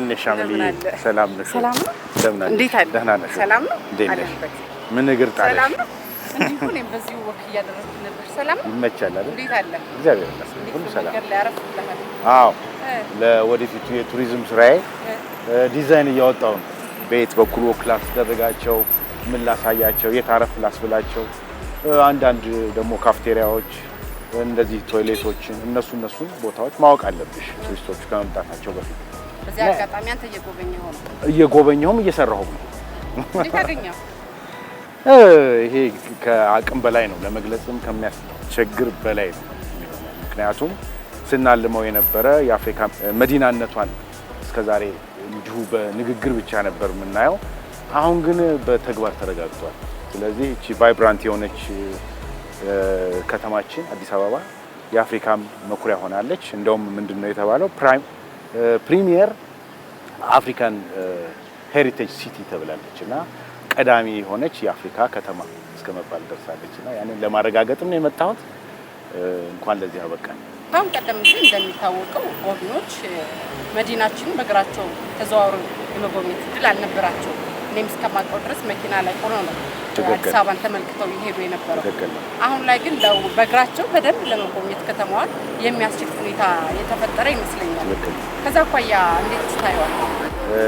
እንዴት ነሽ አምልዬ? ሰላም ነሽ? ሰላም ነው። እንዴት አለ? ደህና ነሽ? ሰላም ነው። እንዴት ነሽ? ምን እግር ጣለሽ? ሰላም ነው። እንዲሁ እኔም ወክ እያደረኩ ነበር። ሰላም ነው። ይመቻል አይደል? እንዴት አለ? እግዚአብሔር ይመስገን ሁሉ ሰላም። አዎ፣ ለወደፊቱ የቱሪዝም ስራዬ ዲዛይን እያወጣሁ ነው። በየት በኩል ወክ ላስደርጋቸው፣ ምን ላሳያቸው፣ የት አረፍ ላስብላቸው፣ አንዳንድ ደግሞ ካፍቴሪያዎች እንደዚህ ቶይሌቶችን እነሱ እነሱን ቦታዎች ማወቅ አለብሽ ቱሪስቶቹ ከመምጣታቸው በፊት። በዚህ አጋጣሚ አንተ እየጎበኘኸው ነው? እየጎበኘሁም እየሰራሁም ነው። እንዴት አገኘኸው? ይሄ ከአቅም በላይ ነው፣ ለመግለጽም ከሚያስቸግር በላይ ነው። ምክንያቱም ስናልመው የነበረ የአፍሪካ መዲናነቷን እስከዛሬ እንዲሁ በንግግር ብቻ ነበር የምናየው። አሁን ግን በተግባር ተረጋግጧል። ስለዚህ እቺ ቫይብራንት የሆነች ከተማችን አዲስ አበባ የአፍሪካም መኩሪያ ሆናለች። እንደውም ምንድን ነው የተባለው ፕራይም ፕሪሚየር አፍሪካን ሄሪቴጅ ሲቲ ተብላለች እና ቀዳሚ የሆነች የአፍሪካ ከተማ እስከ መባል ደርሳለች እና ያንን ለማረጋገጥም ነው የመጣሁት። እንኳን ለዚህ አበቃን። በጣም ቀደም ሲል እንደሚታወቀው ጎብኚዎች መዲናችንን በእግራቸው ተዘዋውረው የመጎብኘት እድል አልነበራቸውም። እኔም እስከማውቀው ድረስ መኪና ላይ ሆኖ ነው አዲስ አበባን ተመልክተው ይሄዱ የነበረው። አሁን ላይ ግን ለው በእግራቸው በደንብ ለመጎብኘት ከተማዋን የሚያስችል ሁኔታ የተፈጠረ ይመስለኛል። ከዛ አኳያ እንዴት ስታየዋል?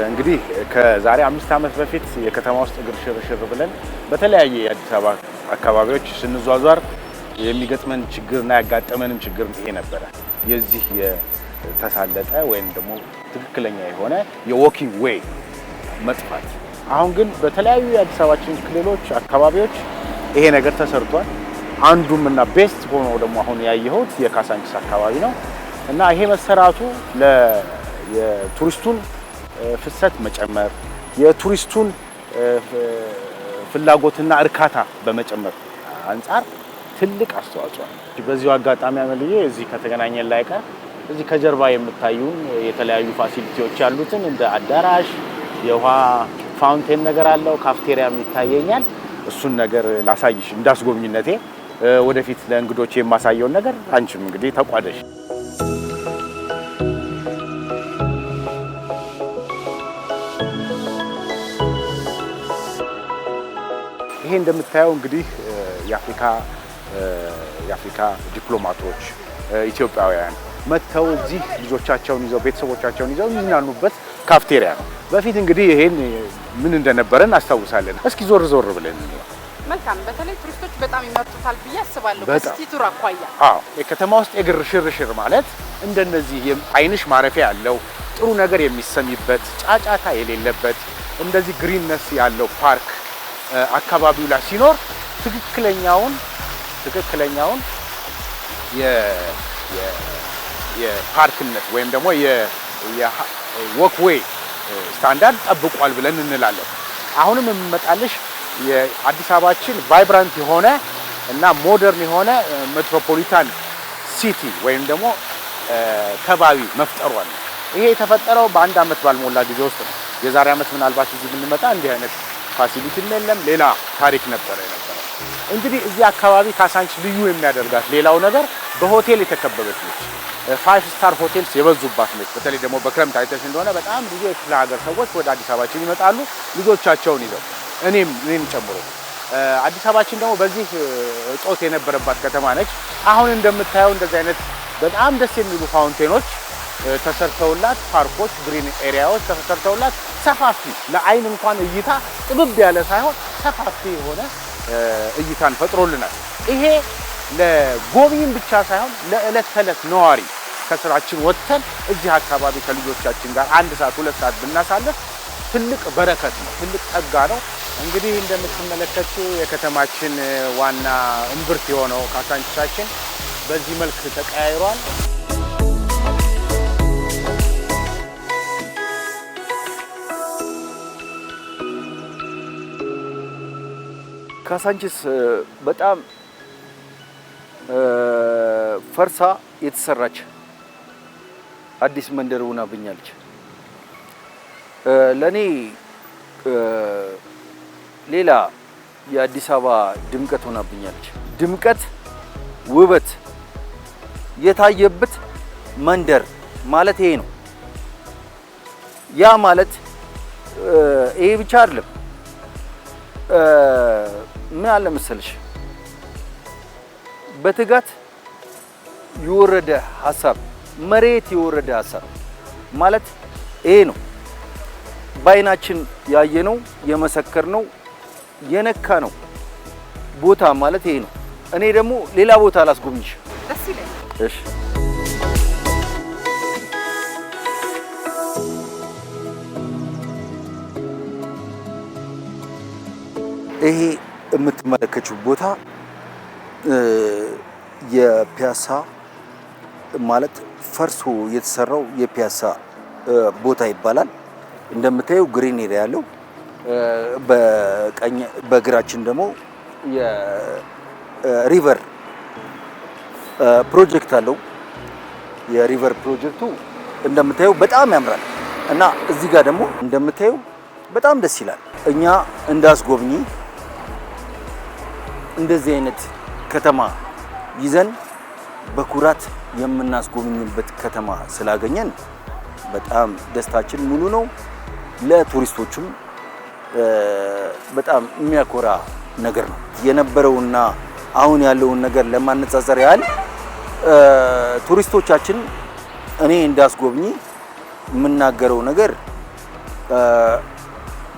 እንግዲህ ከዛሬ አምስት ዓመት በፊት የከተማ ውስጥ እግር ሽርሽር ብለን በተለያየ የአዲስ አበባ አካባቢዎች ስንዟዟር የሚገጥመን ችግርና ያጋጠመንም ችግር ይሄ ነበረ። የዚህ የተሳለጠ ወይም ደግሞ ትክክለኛ የሆነ የዎኪንግ ዌይ መጥፋት አሁን ግን በተለያዩ የአዲስ አበባችን ክልሎች አካባቢዎች ይሄ ነገር ተሰርቷል። አንዱም እና ቤስት ሆኖ ደግሞ አሁን ያየሁት የካሳንቺስ አካባቢ ነው እና ይሄ መሰራቱ የቱሪስቱን ፍሰት መጨመር የቱሪስቱን ፍላጎትና እርካታ በመጨመር አንጻር ትልቅ አስተዋጽኦ ነው። በዚሁ አጋጣሚ አመልዬ እዚህ ከተገናኘ ላይ እዚህ ከጀርባ የምታዩን የተለያዩ ፋሲሊቲዎች ያሉትን እንደ አዳራሽ የውሃ ፋውንቴን ነገር አለው፣ ካፍቴሪያም ይታየኛል። እሱን ነገር ላሳይሽ እንዳስጎብኝነቴ ወደፊት ለእንግዶች የማሳየውን ነገር አንቺም እንግዲህ ተቋደሽ። ይሄ እንደምታየው እንግዲህ የአፍሪካ የአፍሪካ ዲፕሎማቶች ኢትዮጵያውያን መጥተው እዚህ ልጆቻቸውን ይዘው ቤተሰቦቻቸውን ይዘው የሚዝናኑበት ካፍቴሪያ ነው። በፊት እንግዲህ ይሄን ምን እንደነበረ እናስታውሳለን። እስኪ ዞር ዞር ብለን መልካም። በተለይ ቱሪስቶች በጣም ይመርጡታል ብዬ አስባለሁ። በስቲ ቱር አኳያ አዎ፣ የከተማ ውስጥ የግር ሽርሽር ማለት እንደነዚህ አይንሽ ማረፊያ ያለው ጥሩ ነገር የሚሰሚበት ጫጫታ የሌለበት እንደዚህ ግሪንነስ ያለው ፓርክ አካባቢው ላይ ሲኖር ትክክለኛውን ትክክለኛውን የፓርክነት ወይም ደግሞ ወክዌይ ስታንዳርድ ጠብቋል ብለን እንላለን። አሁንም የምመጣልሽ የአዲስ አበባችን ቫይብራንት የሆነ እና ሞደርን የሆነ ሜትሮፖሊታን ሲቲ ወይም ደግሞ ከባቢ ነው። ይሄ የተፈጠረው በአንድ አመት ባልሞላ ጊዜ ውስጥ ነው። የዛሬ ዓመት ምናልባት እዚህ ብንመጣ እንዲህ አይነት ፋሲሊቲ የለም፣ ሌላ ታሪክ ነበረ የነበረ። እንግዲህ እዚህ አካባቢ ካሳንች ልዩ የሚያደርጋት ሌላው ነገር በሆቴል የተከበበች ነች። ፋይቭ ስታር ሆቴልስ የበዙባት ነች። በተለይ ደግሞ በክረምት አይተሽ እንደሆነ በጣም ብዙ የክፍለ ሀገር ሰዎች ወደ አዲስ አበባችን ይመጣሉ ልጆቻቸውን ይዘው እኔም እኔም ጨምሮ። አዲስ አበባችን ደግሞ በዚህ እጦት የነበረባት ከተማ ነች። አሁን እንደምታየው እንደዚህ አይነት በጣም ደስ የሚሉ ፋውንቴኖች ተሰርተውላት ፓርኮች፣ ግሪን ኤሪያዎች ተሰርተውላት ሰፋፊ ለአይን እንኳን እይታ ጥብብ ያለ ሳይሆን ሰፋፊ የሆነ እይታን ፈጥሮልናል። ይሄ ለጎብኝም ብቻ ሳይሆን ለዕለት ተዕለት ነዋሪ ከስራችን ወጥተን እዚህ አካባቢ ከልጆቻችን ጋር አንድ ሰዓት ሁለት ሰዓት ብናሳለፍ ትልቅ በረከት ነው፣ ትልቅ ጸጋ ነው። እንግዲህ እንደምትመለከቱ የከተማችን ዋና እምብርት የሆነው ካዛንቺሳችን በዚህ መልክ ተቀያይሯል። ካሳንችስ በጣም ፈርሳ የተሰራች አዲስ መንደር ሆናብኛለች። ለእኔ ሌላ የአዲስ አበባ ድምቀት ሆናብኛለች። ድምቀት፣ ውበት የታየበት መንደር ማለት ይሄ ነው። ያ ማለት ይሄ ብቻ አይደለም። ምን አለ መሰልሽ በትጋት የወረደ ሀሳብ መሬት የወረደ ሀሳብ ማለት ይሄ ነው። በአይናችን ያየነው የመሰከርነው የነካ ነው ቦታ ማለት ይሄ ነው። እኔ ደግሞ ሌላ ቦታ አላስጎብኝሽ። እሺ ይሄ የምትመለከችው ቦታ የፒያሳ ማለት ፈርሶ የተሰራው የፒያሳ ቦታ ይባላል። እንደምታየው ግሪን ኤሪያ ያለው በቀኝ በግራችን ደግሞ የሪቨር ፕሮጀክት አለው። የሪቨር ፕሮጀክቱ እንደምታየው በጣም ያምራል እና እዚህ ጋር ደግሞ እንደምታየው በጣም ደስ ይላል። እኛ እንዳስጎብኚ እንደዚህ አይነት ከተማ ይዘን በኩራት የምናስጎብኝበት ከተማ ስላገኘን በጣም ደስታችን ሙሉ ነው። ለቱሪስቶቹም በጣም የሚያኮራ ነገር ነው። የነበረውና አሁን ያለውን ነገር ለማነጻጸር ያህል ቱሪስቶቻችን እኔ እንዳስጎብኝ የምናገረው ነገር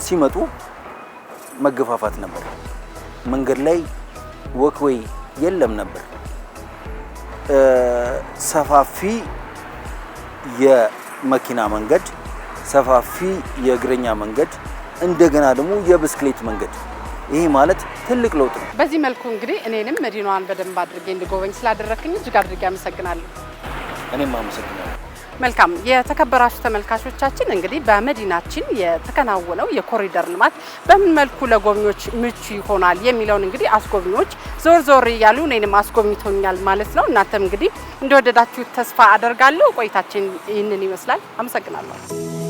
ሲመጡ መገፋፋት ነበር። መንገድ ላይ ወክወይ የለም ነበር። ሰፋፊ የመኪና መንገድ፣ ሰፋፊ የእግረኛ መንገድ፣ እንደገና ደግሞ የብስክሌት መንገድ ይሄ ማለት ትልቅ ለውጥ ነው። በዚህ መልኩ እንግዲህ እኔንም መዲናዋን በደንብ አድርጌ እንድጎበኝ ስላደረክኝ እጅግ አድርጌ አመሰግናለሁ። እኔም አመሰግናለሁ። መልካም የተከበራችሁ ተመልካቾቻችን እንግዲህ በመዲናችን የተከናወነው የኮሪደር ልማት በምን መልኩ ለጎብኚዎች ምቹ ይሆናል የሚለውን እንግዲህ አስጎብኚዎች ዞር ዞር እያሉ እኔንም አስጎብኝቶኛል ማለት ነው። እናንተም እንግዲህ እንደወደዳችሁ ተስፋ አደርጋለሁ። ቆይታችን ይህንን ይመስላል። አመሰግናለሁ።